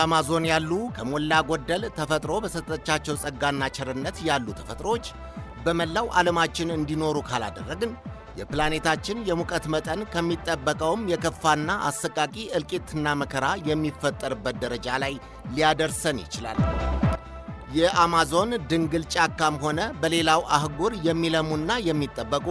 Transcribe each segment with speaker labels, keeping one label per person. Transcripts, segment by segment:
Speaker 1: በሲዳማ ዞን ያሉ ከሞላ ጎደል ተፈጥሮ በሰጠቻቸው ጸጋና ቸርነት ያሉ ተፈጥሮዎች በመላው ዓለማችን እንዲኖሩ ካላደረግን የፕላኔታችን የሙቀት መጠን ከሚጠበቀውም የከፋና አሰቃቂ እልቂትና መከራ የሚፈጠርበት ደረጃ ላይ ሊያደርሰን ይችላል። የአማዞን ድንግል ጫካም ሆነ በሌላው አህጉር የሚለሙና የሚጠበቁ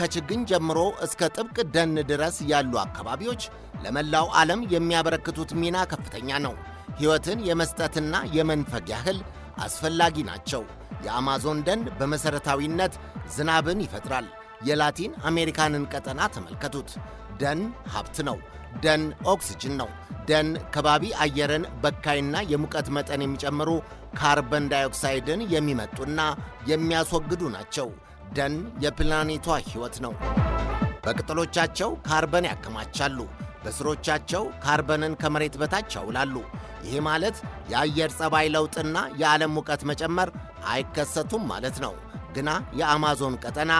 Speaker 1: ከችግኝ ጀምሮ እስከ ጥብቅ ደን ድረስ ያሉ አካባቢዎች ለመላው ዓለም የሚያበረክቱት ሚና ከፍተኛ ነው። ሕይወትን የመስጠትና የመንፈግ ያህል አስፈላጊ ናቸው። የአማዞን ደን በመሠረታዊነት ዝናብን ይፈጥራል። የላቲን አሜሪካንን ቀጠና ተመልከቱት። ደን ሀብት ነው። ደን ኦክስጅን ነው። ደን ከባቢ አየርን በካይና የሙቀት መጠን የሚጨምሩ ካርበን ዳይኦክሳይድን የሚመጡና የሚያስወግዱ ናቸው። ደን የፕላኔቷ ሕይወት ነው። በቅጠሎቻቸው ካርበን ያከማቻሉ። በስሮቻቸው ካርበንን ከመሬት በታች ያውላሉ። ይህ ማለት የአየር ጸባይ ለውጥና የዓለም ሙቀት መጨመር አይከሰቱም ማለት ነው። ግና የአማዞን ቀጠና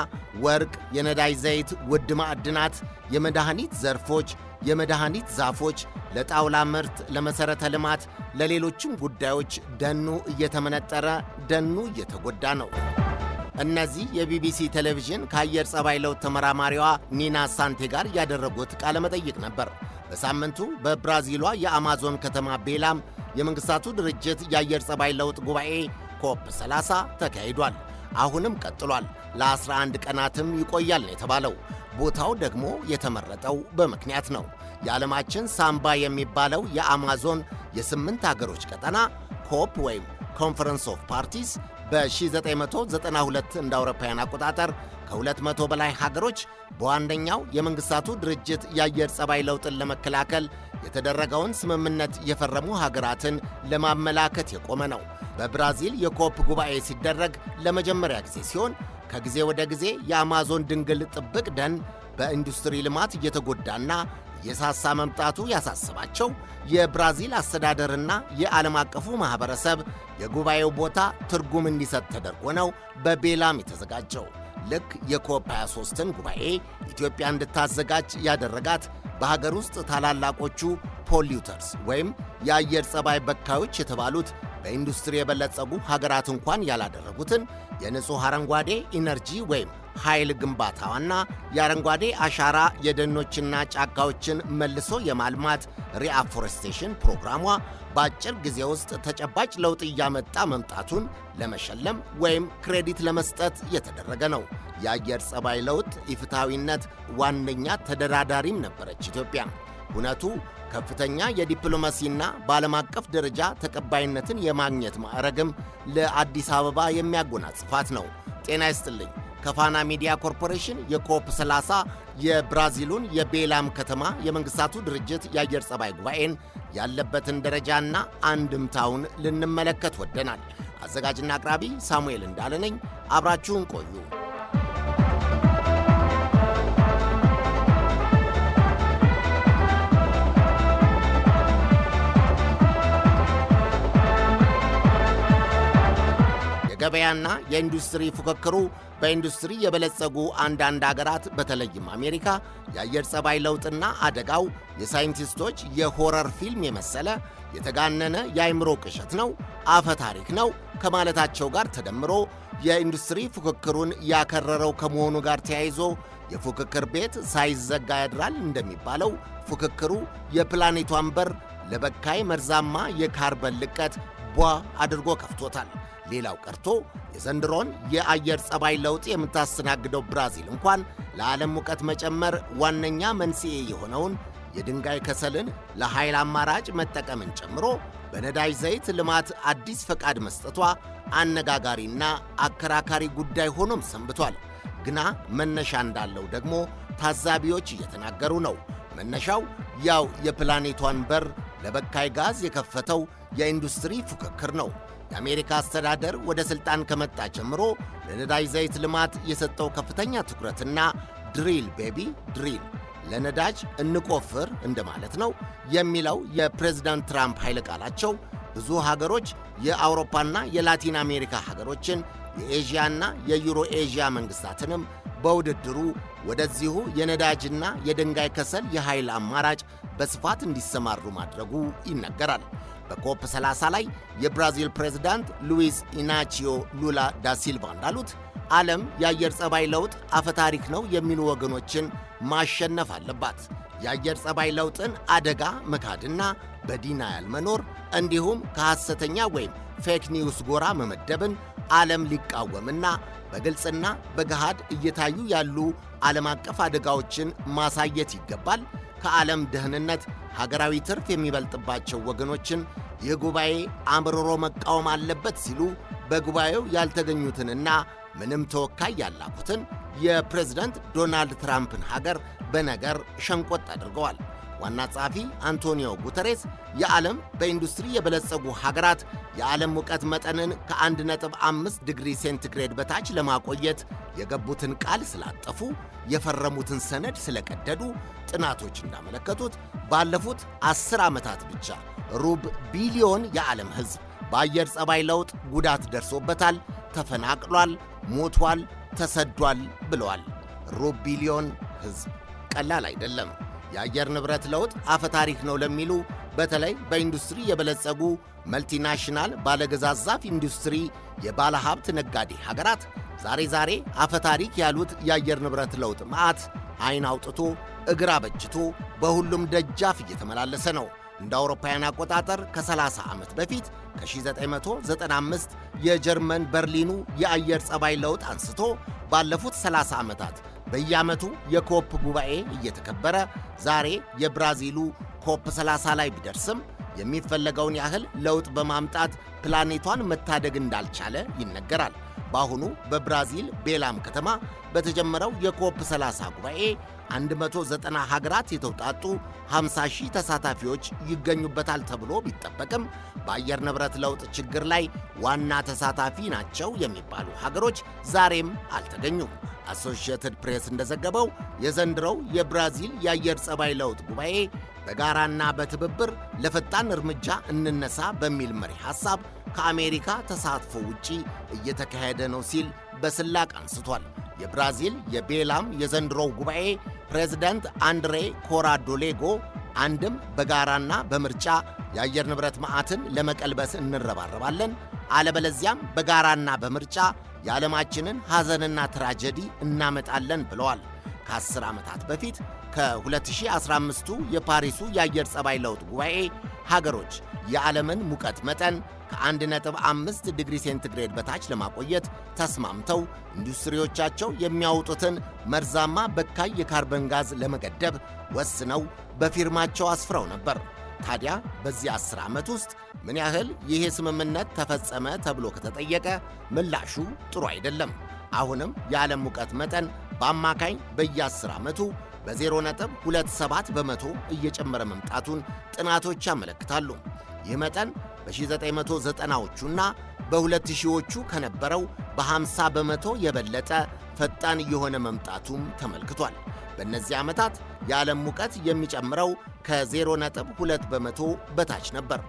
Speaker 1: ወርቅ፣ የነዳጅ ዘይት፣ ውድ ማዕድናት፣ የመድኃኒት ዘርፎች፣ የመድኃኒት ዛፎች፣ ለጣውላ ምርት፣ ለመሠረተ ልማት፣ ለሌሎችም ጉዳዮች ደኑ እየተመነጠረ ደኑ እየተጎዳ ነው። እነዚህ የቢቢሲ ቴሌቪዥን ከአየር ጸባይ ለውጥ ተመራማሪዋ ኒና ሳንቴ ጋር ያደረጉት ቃለመጠይቅ ነበር። በሳምንቱ በብራዚሏ የአማዞን ከተማ ቤላም የመንግሥታቱ ድርጅት የአየር ጸባይ ለውጥ ጉባኤ ኮፕ 30 ተካሂዷል። አሁንም ቀጥሏል። ለ11 ቀናትም ይቆያል ነው የተባለው። ቦታው ደግሞ የተመረጠው በምክንያት ነው። የዓለማችን ሳምባ የሚባለው የአማዞን የስምንት አገሮች ቀጠና ኮፕ ወይም ኮንፈረንስ ኦፍ ፓርቲስ በ1992 እንደ አውሮፓውያን አቆጣጠር ከ200 በላይ ሀገሮች በዋነኛው የመንግሥታቱ ድርጅት የአየር ጸባይ ለውጥን ለመከላከል የተደረገውን ስምምነት የፈረሙ ሀገራትን ለማመላከት የቆመ ነው። በብራዚል የኮፕ ጉባኤ ሲደረግ ለመጀመሪያ ጊዜ ሲሆን ከጊዜ ወደ ጊዜ የአማዞን ድንግል ጥብቅ ደን በኢንዱስትሪ ልማት እየተጎዳና የሳሳ መምጣቱ ያሳስባቸው የብራዚል አስተዳደርና የዓለም አቀፉ ማኅበረሰብ የጉባኤው ቦታ ትርጉም እንዲሰጥ ተደርጎ ነው በቤላም የተዘጋጀው። ልክ የኮፕ 23ን ጉባኤ ኢትዮጵያ እንድታዘጋጅ ያደረጋት በሀገር ውስጥ ታላላቆቹ ፖሊውተርስ ወይም የአየር ጸባይ በካዮች የተባሉት በኢንዱስትሪ የበለጸጉ ሀገራት እንኳን ያላደረጉትን የንጹሕ አረንጓዴ ኢነርጂ ወይም ኃይል ግንባታዋና የአረንጓዴ አሻራ የደኖችና ጫካዎችን መልሶ የማልማት ሪአፎሬስቴሽን ፕሮግራሟ በአጭር ጊዜ ውስጥ ተጨባጭ ለውጥ እያመጣ መምጣቱን ለመሸለም ወይም ክሬዲት ለመስጠት የተደረገ ነው። የአየር ጸባይ ለውጥ ኢፍትሐዊነት ዋነኛ ተደራዳሪም ነበረች ኢትዮጵያ። እውነቱ ከፍተኛ የዲፕሎማሲና በዓለም አቀፍ ደረጃ ተቀባይነትን የማግኘት ማዕረግም ለአዲስ አበባ የሚያጎናጽፋት ነው። ጤና ይስጥልኝ። ከፋና ሚዲያ ኮርፖሬሽን የኮፕ 30 የብራዚሉን የቤላም ከተማ የመንግስታቱ ድርጅት የአየር ጸባይ ጉባኤን ያለበትን ደረጃና አንድምታውን ልንመለከት ወደናል። አዘጋጅና አቅራቢ ሳሙኤል እንዳለ ነኝ። አብራችሁን ቆዩ። የገበያና የኢንዱስትሪ ፉክክሩ በኢንዱስትሪ የበለጸጉ አንዳንድ አገራት በተለይም አሜሪካ የአየር ጸባይ ለውጥና አደጋው የሳይንቲስቶች የሆረር ፊልም የመሰለ የተጋነነ የአይምሮ ቅሸት ነው፣ አፈ ታሪክ ነው ከማለታቸው ጋር ተደምሮ የኢንዱስትሪ ፉክክሩን ያከረረው ከመሆኑ ጋር ተያይዞ የፉክክር ቤት ሳይዘጋ ያድራል እንደሚባለው ፉክክሩ የፕላኔቷን በር ለበካይ መርዛማ የካርበን ልቀት ቧ አድርጎ ከፍቶታል። ሌላው ቀርቶ የዘንድሮን የአየር ጸባይ ለውጥ የምታስተናግደው ብራዚል እንኳን ለዓለም ሙቀት መጨመር ዋነኛ መንስኤ የሆነውን የድንጋይ ከሰልን ለኃይል አማራጭ መጠቀምን ጨምሮ በነዳጅ ዘይት ልማት አዲስ ፈቃድ መስጠቷ አነጋጋሪና አከራካሪ ጉዳይ ሆኖም ሰንብቷል። ግና መነሻ እንዳለው ደግሞ ታዛቢዎች እየተናገሩ ነው። መነሻው ያው የፕላኔቷን በር ለበካይ ጋዝ የከፈተው የኢንዱስትሪ ፉክክር ነው። የአሜሪካ አስተዳደር ወደ ሥልጣን ከመጣ ጀምሮ ለነዳጅ ዘይት ልማት የሰጠው ከፍተኛ ትኩረትና ድሪል ቤቢ ድሪል ለነዳጅ እንቆፍር እንደማለት ነው የሚለው የፕሬዝዳንት ትራምፕ ኃይለ ቃላቸው ብዙ ሀገሮች የአውሮፓና የላቲን አሜሪካ ሀገሮችን የኤዥያና የዩሮ ኤዥያ መንግሥታትንም በውድድሩ ወደዚሁ የነዳጅና የድንጋይ ከሰል የኃይል አማራጭ በስፋት እንዲሰማሩ ማድረጉ ይነገራል። በኮፕ 30 ላይ የብራዚል ፕሬዝዳንት ሉዊስ ኢናቺዮ ሉላ ዳሲልቫ እንዳሉት ዓለም የአየር ጸባይ ለውጥ አፈታሪክ ነው የሚሉ ወገኖችን ማሸነፍ አለባት። የአየር ጸባይ ለውጥን አደጋ መካድና በዲናያል መኖር እንዲሁም ከሐሰተኛ ወይም ፌክ ኒውስ ጎራ መመደብን ዓለም ሊቃወምና በግልጽና በገሃድ እየታዩ ያሉ ዓለም አቀፍ አደጋዎችን ማሳየት ይገባል። ከዓለም ደህንነት ሀገራዊ ትርፍ የሚበልጥባቸው ወገኖችን ይህ ጉባኤ አምርሮ መቃወም አለበት ሲሉ በጉባኤው ያልተገኙትንና ምንም ተወካይ ያላኩትን የፕሬዝደንት ዶናልድ ትራምፕን ሀገር በነገር ሸንቆጥ አድርገዋል። ዋና ጸሐፊ አንቶኒዮ ጉተሬስ የዓለም በኢንዱስትሪ የበለጸጉ ሀገራት የዓለም ሙቀት መጠንን ከ1.5 ዲግሪ ሴንቲግሬድ በታች ለማቆየት የገቡትን ቃል ስላጠፉ፣ የፈረሙትን ሰነድ ስለቀደዱ ጥናቶች እንዳመለከቱት ባለፉት 10 ዓመታት ብቻ ሩብ ቢሊዮን የዓለም ሕዝብ በአየር ጸባይ ለውጥ ጉዳት ደርሶበታል፣ ተፈናቅሏል፣ ሞቷል፣ ተሰዷል ብለዋል። ሩብ ቢሊዮን ሕዝብ ቀላል አይደለም። የአየር ንብረት ለውጥ አፈ ታሪክ ነው ለሚሉ በተለይ በኢንዱስትሪ የበለጸጉ መልቲናሽናል ባለገዛ ዛፍ ኢንዱስትሪ የባለ ሀብት ነጋዴ ሀገራት ዛሬ ዛሬ አፈ ታሪክ ያሉት የአየር ንብረት ለውጥ መዓት አይን አውጥቶ እግር አበጅቶ በሁሉም ደጃፍ እየተመላለሰ ነው። እንደ አውሮፓውያን አቆጣጠር ከ30 ዓመት በፊት ከ1995 የጀርመን በርሊኑ የአየር ጸባይ ለውጥ አንስቶ ባለፉት 30 ዓመታት በየዓመቱ የኮፕ ጉባኤ እየተከበረ ዛሬ የብራዚሉ ኮፕ 30 ላይ ቢደርስም የሚፈለገውን ያህል ለውጥ በማምጣት ፕላኔቷን መታደግ እንዳልቻለ ይነገራል። በአሁኑ በብራዚል ቤላም ከተማ በተጀመረው የኮፕ 30 ጉባኤ 190 ሀገራት የተውጣጡ 50 ሺህ ተሳታፊዎች ይገኙበታል ተብሎ ቢጠበቅም በአየር ንብረት ለውጥ ችግር ላይ ዋና ተሳታፊ ናቸው የሚባሉ ሀገሮች ዛሬም አልተገኙም። አሶሺየትድ ፕሬስ እንደዘገበው የዘንድሮው የብራዚል የአየር ጸባይ ለውጥ ጉባኤ በጋራና በትብብር ለፈጣን እርምጃ እንነሳ በሚል መሪ ሐሳብ ከአሜሪካ ተሳትፎ ውጪ እየተካሄደ ነው ሲል በስላቅ አንስቷል። የብራዚል የቤላም የዘንድሮው ጉባኤ ፕሬዝዳንት አንድሬ ኮራዶ ሌጎ አንድም በጋራና በምርጫ የአየር ንብረት መዓትን ለመቀልበስ እንረባረባለን፣ አለበለዚያም በጋራና በምርጫ የዓለማችንን ሐዘንና ትራጀዲ እናመጣለን ብለዋል። ከ ከ10 ዓመታት በፊት ከ2015ቱ የፓሪሱ የአየር ጸባይ ለውጥ ጉባኤ ሀገሮች የዓለምን ሙቀት መጠን ከ1.5 ዲግሪ ሴንቲግሬድ በታች ለማቆየት ተስማምተው ኢንዱስትሪዎቻቸው የሚያወጡትን መርዛማ በካይ የካርበን ጋዝ ለመገደብ ወስነው በፊርማቸው አስፍረው ነበር። ታዲያ በዚህ 10 ዓመት ውስጥ ምን ያህል ይሄ ስምምነት ተፈጸመ ተብሎ ከተጠየቀ ምላሹ ጥሩ አይደለም። አሁንም የዓለም ሙቀት መጠን በአማካኝ በየ10 ዓመቱ በ0.27 በመቶ እየጨመረ መምጣቱን ጥናቶች ያመለክታሉ። ይህ መጠን በ1990ዎቹና በ2000ዎቹ ከነበረው በ50 በመቶ የበለጠ ፈጣን እየሆነ መምጣቱም ተመልክቷል። በእነዚህ ዓመታት የዓለም ሙቀት የሚጨምረው ከ0.2 በመቶ በታች ነበር።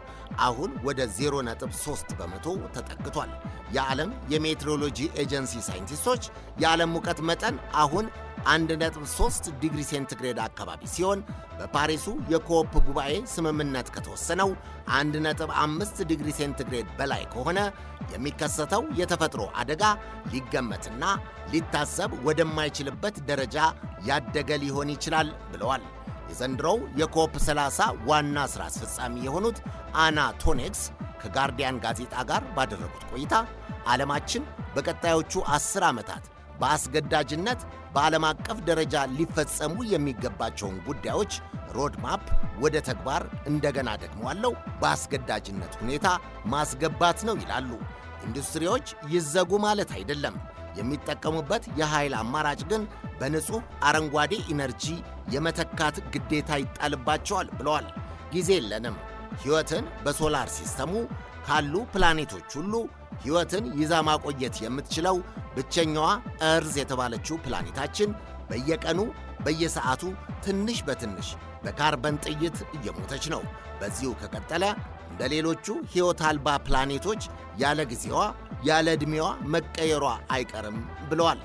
Speaker 1: አሁን ወደ 0.3 በመቶ ተጠግቷል። የዓለም የሜትሮሎጂ ኤጀንሲ ሳይንቲስቶች የዓለም ሙቀት መጠን አሁን 1.3 ዲግሪ ሴንቲግሬድ አካባቢ ሲሆን በፓሪሱ የኮፕ ጉባኤ ስምምነት ከተወሰነው 1.5 ዲግሪ ሴንቲግሬድ በላይ ከሆነ የሚከሰተው የተፈጥሮ አደጋ ሊገመትና ሊታሰብ ወደማይችልበት ደረጃ ያደገ ሊሆን ይችላል ብለዋል። የዘንድሮው የኮፕ 30 ዋና ሥራ አስፈጻሚ የሆኑት አና ቶኔክስ ከጋርዲያን ጋዜጣ ጋር ባደረጉት ቆይታ ዓለማችን በቀጣዮቹ አስር ዓመታት በአስገዳጅነት በዓለም አቀፍ ደረጃ ሊፈጸሙ የሚገባቸውን ጉዳዮች ሮድማፕ ወደ ተግባር እንደገና ደግመዋለው በአስገዳጅነት ሁኔታ ማስገባት ነው ይላሉ። ኢንዱስትሪዎች ይዘጉ ማለት አይደለም። የሚጠቀሙበት የኃይል አማራጭ ግን በንጹህ አረንጓዴ ኢነርጂ የመተካት ግዴታ ይጣልባቸዋል ብለዋል። ጊዜ የለንም። ሕይወትን በሶላር ሲስተሙ ካሉ ፕላኔቶች ሁሉ ሕይወትን ይዛ ማቆየት የምትችለው ብቸኛዋ እርዝ የተባለችው ፕላኔታችን በየቀኑ በየሰዓቱ ትንሽ በትንሽ በካርበን ጥይት እየሞተች ነው። በዚሁ ከቀጠለ እንደ ሌሎቹ ሕይወት አልባ ፕላኔቶች ያለ ጊዜዋ ያለ ዕድሜዋ መቀየሯ አይቀርም ብለዋል።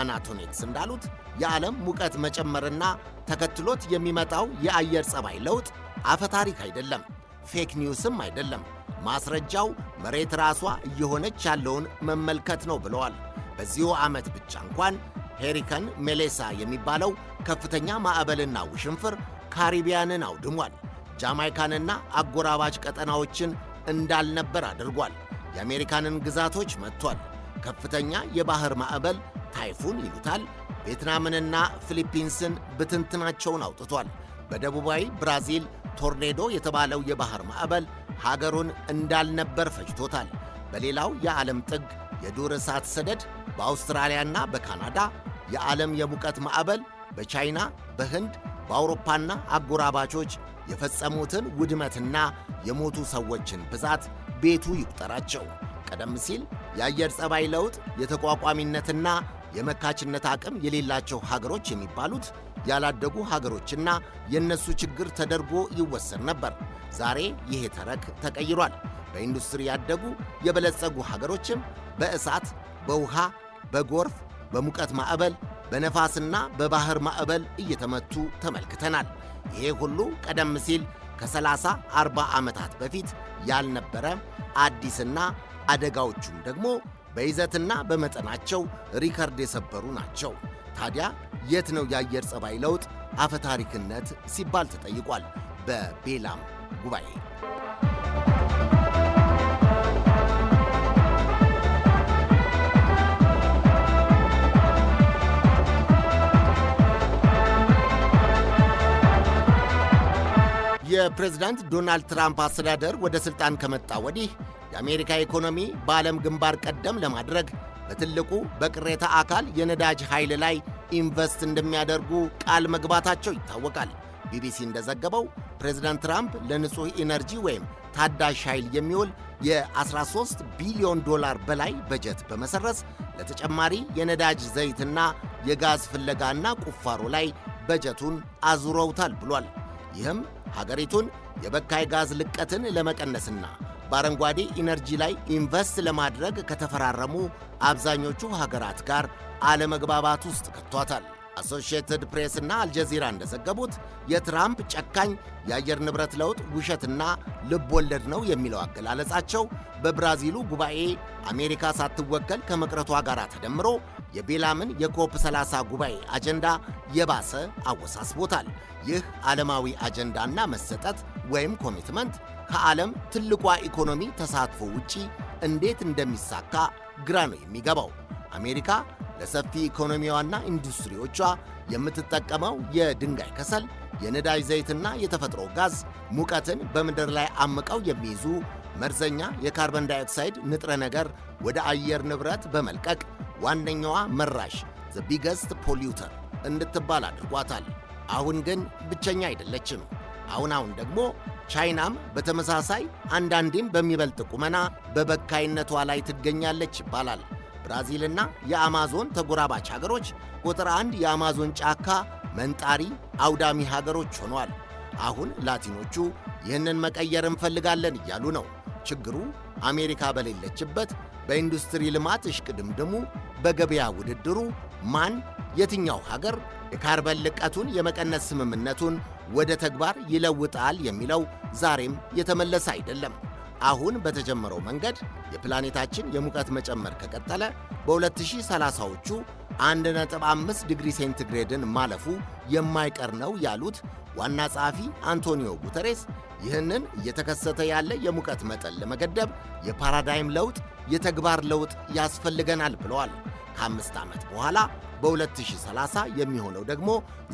Speaker 1: አናቶኒክስ እንዳሉት የዓለም ሙቀት መጨመርና ተከትሎት የሚመጣው የአየር ጸባይ ለውጥ አፈታሪክ አይደለም፣ ፌክ ኒውስም አይደለም። ማስረጃው መሬት ራሷ እየሆነች ያለውን መመልከት ነው ብለዋል። በዚሁ ዓመት ብቻ እንኳን ሄሪከን ሜሌሳ የሚባለው ከፍተኛ ማዕበልና ውሽንፍር ካሪቢያንን አውድሟል። ጃማይካንና አጎራባች ቀጠናዎችን እንዳልነበር አድርጓል። የአሜሪካንን ግዛቶች መጥቷል። ከፍተኛ የባህር ማዕበል ታይፉን ይሉታል። ቬትናምንና ፊሊፒንስን ብትንትናቸውን አውጥቷል። በደቡባዊ ብራዚል ቶርኔዶ የተባለው የባህር ማዕበል ሀገሩን እንዳልነበር ፈጅቶታል። በሌላው የዓለም ጥግ የዱር እሳት ሰደድ በአውስትራሊያና በካናዳ፣ የዓለም የሙቀት ማዕበል በቻይና፣ በህንድ፣ በአውሮፓና አጎራባቾች የፈጸሙትን ውድመትና የሞቱ ሰዎችን ብዛት ቤቱ ይቁጠራቸው። ቀደም ሲል የአየር ጸባይ ለውጥ የተቋቋሚነትና የመካችነት አቅም የሌላቸው ሀገሮች የሚባሉት ያላደጉ ሀገሮችና የእነሱ ችግር ተደርጎ ይወሰድ ነበር። ዛሬ ይሄ ተረክ ተቀይሯል። በኢንዱስትሪ ያደጉ የበለጸጉ ሀገሮችም በእሳት፣ በውሃ፣ በጎርፍ፣ በሙቀት ማዕበል፣ በነፋስና በባህር ማዕበል እየተመቱ ተመልክተናል። ይሄ ሁሉ ቀደም ሲል ከ30 40 ዓመታት በፊት ያልነበረ አዲስና አደጋዎቹም ደግሞ በይዘትና በመጠናቸው ሪከርድ የሰበሩ ናቸው። ታዲያ የት ነው የአየር ጸባይ ለውጥ አፈታሪክነት ሲባል ተጠይቋል በቤላም ጉባኤ። የፕሬዝዳንት ዶናልድ ትራምፕ አስተዳደር ወደ ሥልጣን ከመጣ ወዲህ የአሜሪካ ኢኮኖሚ በዓለም ግንባር ቀደም ለማድረግ በትልቁ በቅሬታ አካል የነዳጅ ኃይል ላይ ኢንቨስት እንደሚያደርጉ ቃል መግባታቸው ይታወቃል። ቢቢሲ እንደዘገበው ፕሬዝዳንት ትራምፕ ለንጹሕ ኢነርጂ ወይም ታዳሽ ኃይል የሚውል የ13 ቢሊዮን ዶላር በላይ በጀት በመሰረዝ ለተጨማሪ የነዳጅ ዘይትና የጋዝ ፍለጋና ቁፋሮ ላይ በጀቱን አዙረውታል ብሏል። ይህም ሀገሪቱን የበካይ ጋዝ ልቀትን ለመቀነስና በአረንጓዴ ኢነርጂ ላይ ኢንቨስት ለማድረግ ከተፈራረሙ አብዛኞቹ ሀገራት ጋር አለመግባባት ውስጥ ከቷታል። አሶሺየትድ ፕሬስ እና አልጀዚራ እንደዘገቡት የትራምፕ ጨካኝ የአየር ንብረት ለውጥ ውሸትና ልብ ወለድ ነው የሚለው አገላለጻቸው በብራዚሉ ጉባኤ አሜሪካ ሳትወከል ከመቅረቷ ጋር ተደምሮ የቤላምን የኮፕ 30 ጉባኤ አጀንዳ የባሰ አወሳስቦታል። ይህ ዓለማዊ አጀንዳና መሰጠት ወይም ኮሚትመንት ከዓለም ትልቋ ኢኮኖሚ ተሳትፎ ውጪ እንዴት እንደሚሳካ ግራ ነው የሚገባው። አሜሪካ ለሰፊ ኢኮኖሚዋና ኢንዱስትሪዎቿ የምትጠቀመው የድንጋይ ከሰል፣ የነዳጅ ዘይትና የተፈጥሮ ጋዝ ሙቀትን በምድር ላይ አምቀው የሚይዙ መርዘኛ የካርበን ዳይኦክሳይድ ንጥረ ነገር ወደ አየር ንብረት በመልቀቅ ዋነኛዋ መራሽ ዘ ቢገስት ፖሊውተር እንድትባል አድርጓታል። አሁን ግን ብቸኛ አይደለችም። አሁን አሁን ደግሞ ቻይናም በተመሳሳይ አንዳንዴም በሚበልጥ ቁመና በበካይነቷ ላይ ትገኛለች ይባላል። ብራዚልና የአማዞን ተጎራባች ሀገሮች ቁጥር አንድ የአማዞን ጫካ መንጣሪ አውዳሚ ሀገሮች ሆነዋል። አሁን ላቲኖቹ ይህንን መቀየር እንፈልጋለን እያሉ ነው። ችግሩ አሜሪካ በሌለችበት በኢንዱስትሪ ልማት እሽቅድምድሙ፣ በገበያ ውድድሩ ማን የትኛው ሀገር የካርበን ልቀቱን የመቀነስ ስምምነቱን ወደ ተግባር ይለውጣል የሚለው ዛሬም የተመለሰ አይደለም። አሁን በተጀመረው መንገድ የፕላኔታችን የሙቀት መጨመር ከቀጠለ በ2030ዎቹ 1.5 ዲግሪ ሴንቲግሬድን ማለፉ የማይቀር ነው ያሉት ዋና ጸሐፊ አንቶኒዮ ጉተሬስ ይህንን እየተከሰተ ያለ የሙቀት መጠን ለመገደብ የፓራዳይም ለውጥ፣ የተግባር ለውጥ ያስፈልገናል ብለዋል። ከአምስት ዓመት በኋላ በ2030 የሚሆነው ደግሞ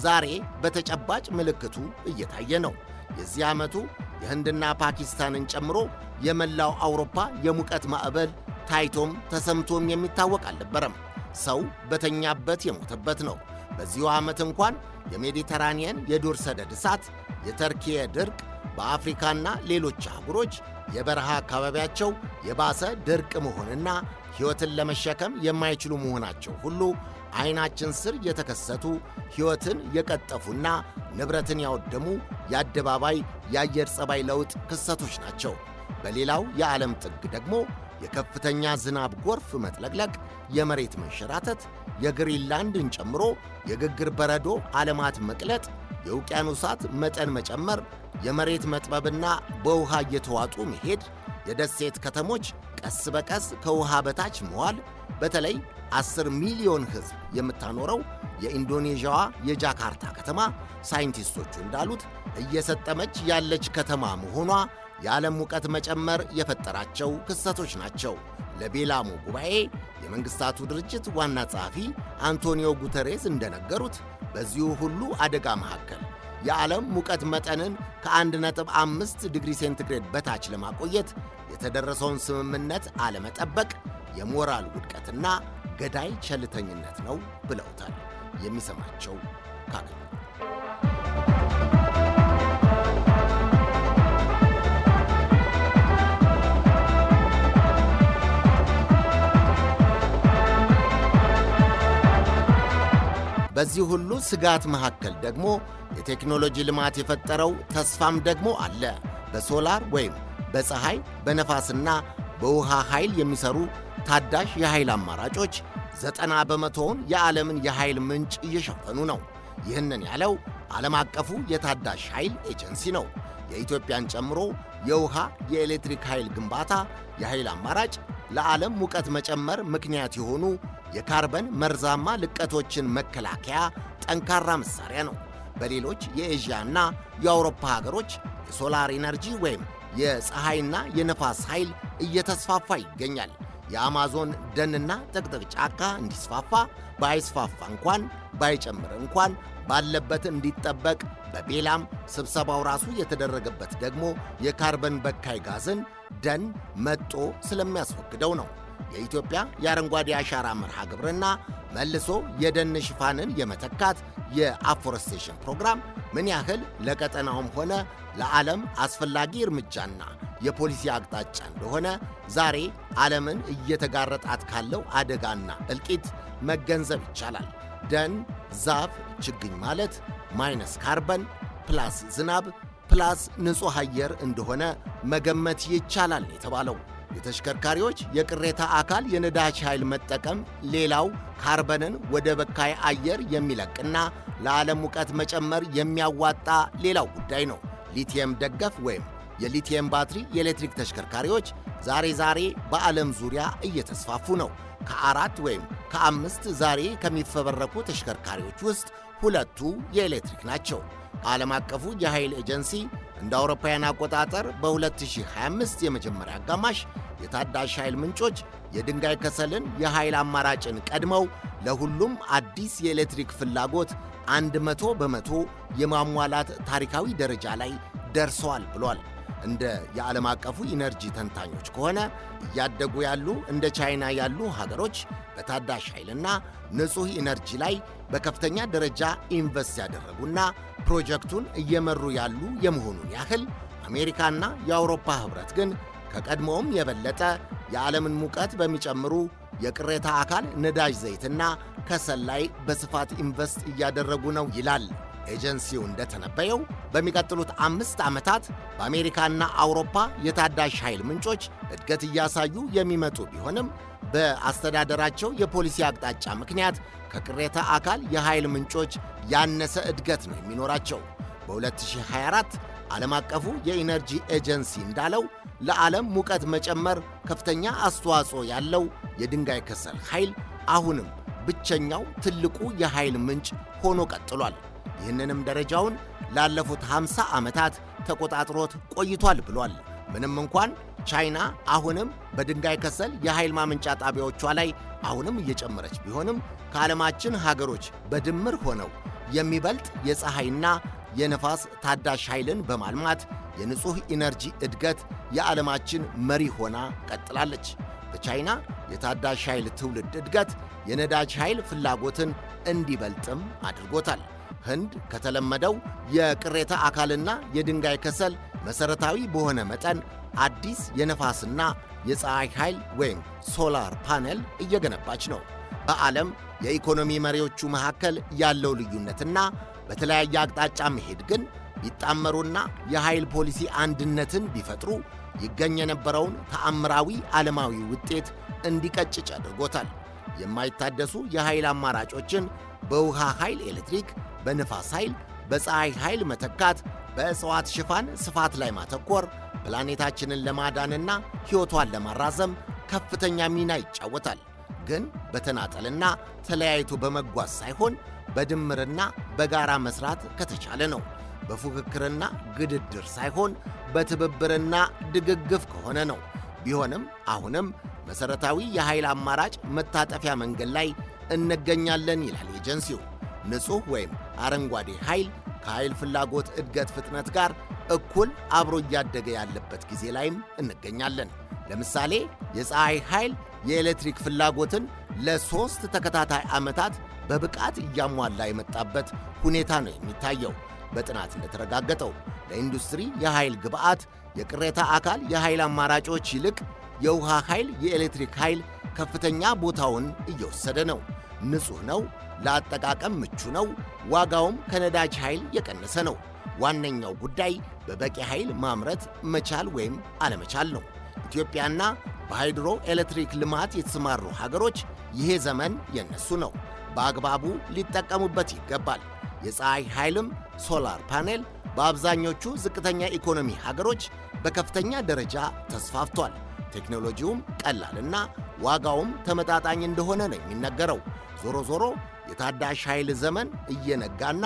Speaker 1: ዛሬ በተጨባጭ ምልክቱ እየታየ ነው። የዚህ ዓመቱ የህንድና ፓኪስታንን ጨምሮ የመላው አውሮፓ የሙቀት ማዕበል ታይቶም ተሰምቶም የሚታወቅ አልነበረም። ሰው በተኛበት የሞተበት ነው። በዚሁ ዓመት እንኳን የሜዲተራኒየን የዱር ሰደድ እሳት፣ የተርኪየ ድርቅ፣ በአፍሪካና ሌሎች አህጉሮች የበረሃ አካባቢያቸው የባሰ ድርቅ መሆንና ሕይወትን ለመሸከም የማይችሉ መሆናቸው ሁሉ አይናችን ስር የተከሰቱ ሕይወትን የቀጠፉና ንብረትን ያወደሙ የአደባባይ የአየር ጸባይ ለውጥ ክስተቶች ናቸው። በሌላው የዓለም ጥግ ደግሞ የከፍተኛ ዝናብ፣ ጎርፍ መጥለቅለቅ፣ የመሬት መንሸራተት፣ የግሪንላንድን ጨምሮ የግግር በረዶ ዓለማት መቅለጥ፣ የውቅያኖሳት መጠን መጨመር፣ የመሬት መጥበብና በውሃ እየተዋጡ መሄድ የደሴት ከተሞች ቀስ በቀስ ከውሃ በታች መዋል በተለይ 10 ሚሊዮን ሕዝብ የምታኖረው የኢንዶኔዥያዋ የጃካርታ ከተማ ሳይንቲስቶቹ እንዳሉት እየሰጠመች ያለች ከተማ መሆኗ የዓለም ሙቀት መጨመር የፈጠራቸው ክስተቶች ናቸው። ለቤላሙ ጉባኤ የመንግሥታቱ ድርጅት ዋና ጸሐፊ አንቶኒዮ ጉተሬዝ እንደነገሩት በዚሁ ሁሉ አደጋ መካከል የዓለም ሙቀት መጠንን ከ1.5 ዲግሪ ሴንቲግሬድ በታች ለማቆየት የተደረሰውን ስምምነት አለመጠበቅ የሞራል ውድቀትና ገዳይ ቸልተኝነት ነው ብለውታል። የሚሰማቸው ካገኙ። በዚህ ሁሉ ስጋት መካከል ደግሞ የቴክኖሎጂ ልማት የፈጠረው ተስፋም ደግሞ አለ። በሶላር ወይም በፀሐይ በነፋስና በውሃ ኃይል የሚሰሩ ታዳሽ የኃይል አማራጮች ዘጠና በመቶውን የዓለምን የኃይል ምንጭ እየሸፈኑ ነው። ይህንን ያለው ዓለም አቀፉ የታዳሽ ኃይል ኤጀንሲ ነው። የኢትዮጵያን ጨምሮ የውሃ የኤሌክትሪክ ኃይል ግንባታ የኃይል አማራጭ ለዓለም ሙቀት መጨመር ምክንያት የሆኑ የካርበን መርዛማ ልቀቶችን መከላከያ ጠንካራ መሳሪያ ነው። በሌሎች የኤዥያና የአውሮፓ ሀገሮች የሶላር ኢነርጂ ወይም የፀሐይና የነፋስ ኃይል እየተስፋፋ ይገኛል። የአማዞን ደንና ጥቅጥቅ ጫካ እንዲስፋፋ ባይስፋፋ እንኳን ባይጨምር እንኳን ባለበት እንዲጠበቅ በቤላም ስብሰባው ራሱ የተደረገበት ደግሞ የካርበን በካይ ጋዝን ደን መጦ ስለሚያስወግደው ነው። የኢትዮጵያ የአረንጓዴ አሻራ መርሃ ግብርና መልሶ የደን ሽፋንን የመተካት የአፎረስቴሽን ፕሮግራም ምን ያህል ለቀጠናውም ሆነ ለዓለም አስፈላጊ እርምጃና የፖሊሲ አቅጣጫ እንደሆነ ዛሬ ዓለምን እየተጋረጣት ካለው አደጋና እልቂት መገንዘብ ይቻላል። ደን፣ ዛፍ፣ ችግኝ ማለት ማይነስ ካርበን ፕላስ ዝናብ ፕላስ ንጹሕ አየር እንደሆነ መገመት ይቻላል የተባለው የተሽከርካሪዎች የቅሬታ አካል የነዳጅ ኃይል መጠቀም ሌላው ካርበንን ወደ በካይ አየር የሚለቅና ለዓለም ሙቀት መጨመር የሚያዋጣ ሌላው ጉዳይ ነው። ሊቲየም ደገፍ ወይም የሊቲየም ባትሪ የኤሌክትሪክ ተሽከርካሪዎች ዛሬ ዛሬ በዓለም ዙሪያ እየተስፋፉ ነው። ከአራት ወይም ከአምስት ዛሬ ከሚፈበረኩ ተሽከርካሪዎች ውስጥ ሁለቱ የኤሌክትሪክ ናቸው። ዓለም አቀፉ የኃይል ኤጀንሲ እንደ አውሮፓውያን አቆጣጠር በ2025 የመጀመሪያ አጋማሽ የታዳሽ ኃይል ምንጮች የድንጋይ ከሰልን የኃይል አማራጭን ቀድመው ለሁሉም አዲስ የኤሌክትሪክ ፍላጎት አንድ መቶ በመቶ የማሟላት ታሪካዊ ደረጃ ላይ ደርሰዋል ብሏል። እንደ የዓለም አቀፉ ኢነርጂ ተንታኞች ከሆነ እያደጉ ያሉ እንደ ቻይና ያሉ ሀገሮች በታዳሽ ኃይልና ንጹሕ ኢነርጂ ላይ በከፍተኛ ደረጃ ኢንቨስት ያደረጉና ፕሮጀክቱን እየመሩ ያሉ የመሆኑን ያህል አሜሪካና የአውሮፓ ኅብረት ግን ከቀድሞውም የበለጠ የዓለምን ሙቀት በሚጨምሩ የቅሬታ አካል ነዳጅ ዘይትና ከሰል ላይ በስፋት ኢንቨስት እያደረጉ ነው ይላል። ኤጀንሲው እንደተነበየው በሚቀጥሉት አምስት ዓመታት በአሜሪካና አውሮፓ የታዳሽ ኃይል ምንጮች እድገት እያሳዩ የሚመጡ ቢሆንም በአስተዳደራቸው የፖሊሲ አቅጣጫ ምክንያት ከቅሬታ አካል የኃይል ምንጮች ያነሰ እድገት ነው የሚኖራቸው። በ2024 ዓለም አቀፉ የኢነርጂ ኤጀንሲ እንዳለው ለዓለም ሙቀት መጨመር ከፍተኛ አስተዋጽኦ ያለው የድንጋይ ከሰል ኃይል አሁንም ብቸኛው ትልቁ የኃይል ምንጭ ሆኖ ቀጥሏል። ይህንንም ደረጃውን ላለፉት 50 ዓመታት ተቆጣጥሮት ቆይቷል ብሏል። ምንም እንኳን ቻይና አሁንም በድንጋይ ከሰል የኃይል ማመንጫ ጣቢያዎቿ ላይ አሁንም እየጨመረች ቢሆንም ከዓለማችን ሀገሮች በድምር ሆነው የሚበልጥ የፀሐይና የነፋስ ታዳሽ ኃይልን በማልማት የንጹሕ ኢነርጂ እድገት የዓለማችን መሪ ሆና ቀጥላለች። በቻይና የታዳሽ ኃይል ትውልድ እድገት የነዳጅ ኃይል ፍላጎትን እንዲበልጥም አድርጎታል። ህንድ ከተለመደው የቅሬታ አካልና የድንጋይ ከሰል መሠረታዊ በሆነ መጠን አዲስ የነፋስና የፀሐይ ኃይል ወይም ሶላር ፓነል እየገነባች ነው። በዓለም የኢኮኖሚ መሪዎቹ መካከል ያለው ልዩነትና በተለያየ አቅጣጫ መሄድ ግን ቢጣመሩና የኃይል ፖሊሲ አንድነትን ቢፈጥሩ ይገኝ የነበረውን ተአምራዊ ዓለማዊ ውጤት እንዲቀጭጭ አድርጎታል። የማይታደሱ የኃይል አማራጮችን በውሃ ኃይል ኤሌክትሪክ፣ በንፋስ ኃይል፣ በፀሐይ ኃይል መተካት፣ በእጽዋት ሽፋን ስፋት ላይ ማተኮር ፕላኔታችንን ለማዳንና ሕይወቷን ለማራዘም ከፍተኛ ሚና ይጫወታል። ግን በተናጠልና ተለያይቶ በመጓዝ ሳይሆን በድምርና በጋራ መስራት ከተቻለ ነው። በፉክክርና ግድድር ሳይሆን በትብብርና ድግግፍ ከሆነ ነው። ቢሆንም አሁንም መሠረታዊ የኃይል አማራጭ መታጠፊያ መንገድ ላይ እንገኛለን ይላል ኤጀንሲው። ንጹሕ ወይም አረንጓዴ ኃይል ከኃይል ፍላጎት እድገት ፍጥነት ጋር እኩል አብሮ እያደገ ያለበት ጊዜ ላይም እንገኛለን። ለምሳሌ የፀሐይ ኃይል የኤሌክትሪክ ፍላጎትን ለሦስት ተከታታይ ዓመታት በብቃት እያሟላ የመጣበት ሁኔታ ነው የሚታየው። በጥናት እንደተረጋገጠው ለኢንዱስትሪ የኃይል ግብዓት የቅሬታ አካል የኃይል አማራጮች ይልቅ የውሃ ኃይል፣ የኤሌክትሪክ ኃይል ከፍተኛ ቦታውን እየወሰደ ነው። ንጹሕ ነው፣ ለአጠቃቀም ምቹ ነው፣ ዋጋውም ከነዳጅ ኃይል የቀነሰ ነው። ዋነኛው ጉዳይ በበቂ ኃይል ማምረት መቻል ወይም አለመቻል ነው። ኢትዮጵያና በሃይድሮ ኤሌክትሪክ ልማት የተሰማሩ ሀገሮች ይሄ ዘመን የነሱ ነው፣ በአግባቡ ሊጠቀሙበት ይገባል። የፀሐይ ኃይልም ሶላር ፓኔል በአብዛኞቹ ዝቅተኛ ኢኮኖሚ ሀገሮች በከፍተኛ ደረጃ ተስፋፍቷል። ቴክኖሎጂውም ቀላልና ዋጋውም ተመጣጣኝ እንደሆነ ነው የሚነገረው። ዞሮ ዞሮ የታዳሽ ኃይል ዘመን እየነጋና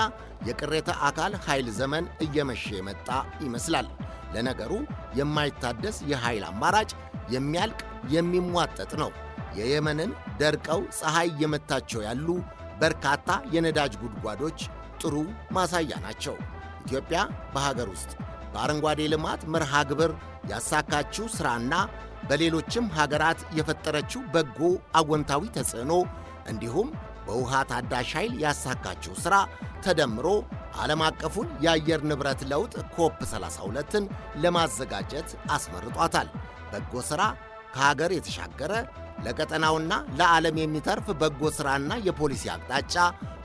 Speaker 1: የቅሬታ አካል ኃይል ዘመን እየመሸ የመጣ ይመስላል። ለነገሩ የማይታደስ የኃይል አማራጭ የሚያልቅ የሚሟጠጥ ነው። የየመንን ደርቀው ፀሐይ እየመታቸው ያሉ በርካታ የነዳጅ ጉድጓዶች ጥሩ ማሳያ ናቸው። ኢትዮጵያ በሀገር ውስጥ በአረንጓዴ ልማት መርሃ ግብር ያሳካችው ሥራና በሌሎችም ሀገራት የፈጠረችው በጎ አወንታዊ ተጽዕኖ እንዲሁም በውሃ ታዳሽ ኃይል ያሳካችው ሥራ ተደምሮ ዓለም አቀፉን የአየር ንብረት ለውጥ ኮፕ 32ን ለማዘጋጀት አስመርጧታል። በጎ ሥራ ከሀገር የተሻገረ ለቀጠናውና ለዓለም የሚተርፍ በጎ ሥራና የፖሊሲ አቅጣጫ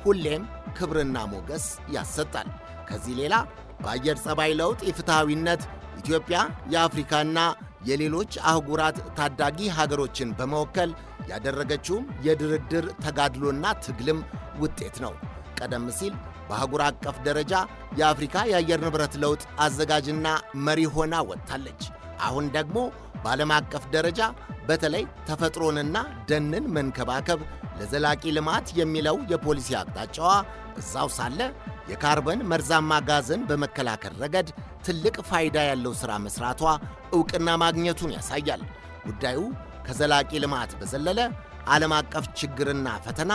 Speaker 1: ሁሌም ክብርና ሞገስ ያሰጣል። ከዚህ ሌላ በአየር ጸባይ ለውጥ የፍትሐዊነት ኢትዮጵያ የአፍሪካና የሌሎች አህጉራት ታዳጊ ሀገሮችን በመወከል ያደረገችውም የድርድር ተጋድሎና ትግልም ውጤት ነው። ቀደም ሲል በአህጉር አቀፍ ደረጃ የአፍሪካ የአየር ንብረት ለውጥ አዘጋጅና መሪ ሆና ወጥታለች። አሁን ደግሞ በዓለም አቀፍ ደረጃ በተለይ ተፈጥሮንና ደንን መንከባከብ ለዘላቂ ልማት የሚለው የፖሊሲ አቅጣጫዋ እዛው ሳለ የካርበን መርዛማ ጋዝን በመከላከል ረገድ ትልቅ ፋይዳ ያለው ሥራ መሥራቷ ዕውቅና ማግኘቱን ያሳያል። ጉዳዩ ከዘላቂ ልማት በዘለለ ዓለም አቀፍ ችግርና ፈተና፣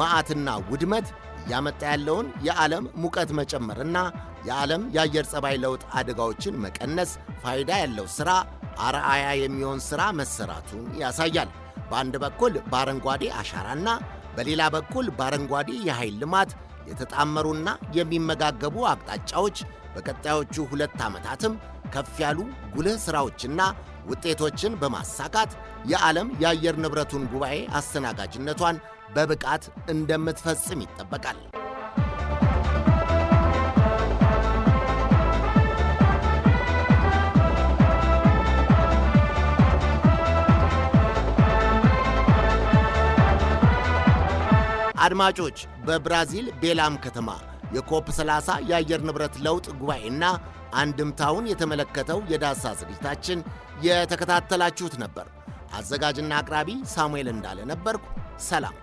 Speaker 1: መዓትና ውድመት ያመጣ ያለውን የዓለም ሙቀት መጨመር የዓለም የአየር ጸባይ ለውጥ አደጋዎችን መቀነስ ፋይዳ ያለው ሥራ አርአያ የሚሆን ሥራ መሰራቱን ያሳያል። በአንድ በኩል በአረንጓዴ አሻራና በሌላ በኩል በአረንጓዴ የኃይል ልማት የተጣመሩና የሚመጋገቡ አቅጣጫዎች በቀጣዮቹ ሁለት ዓመታትም ከፍ ያሉ ጉልህ ሥራዎችና ውጤቶችን በማሳካት የዓለም የአየር ንብረቱን ጉባኤ አስተናጋጅነቷን በብቃት እንደምትፈጽም ይጠበቃል። አድማጮች፣ በብራዚል ቤላም ከተማ የኮፕ 30 የአየር ንብረት ለውጥ ጉባኤና አንድምታውን የተመለከተው የዳሳ ዝግጅታችን የተከታተላችሁት ነበር። አዘጋጅና አቅራቢ ሳሙኤል እንዳለ ነበርኩ። ሰላም።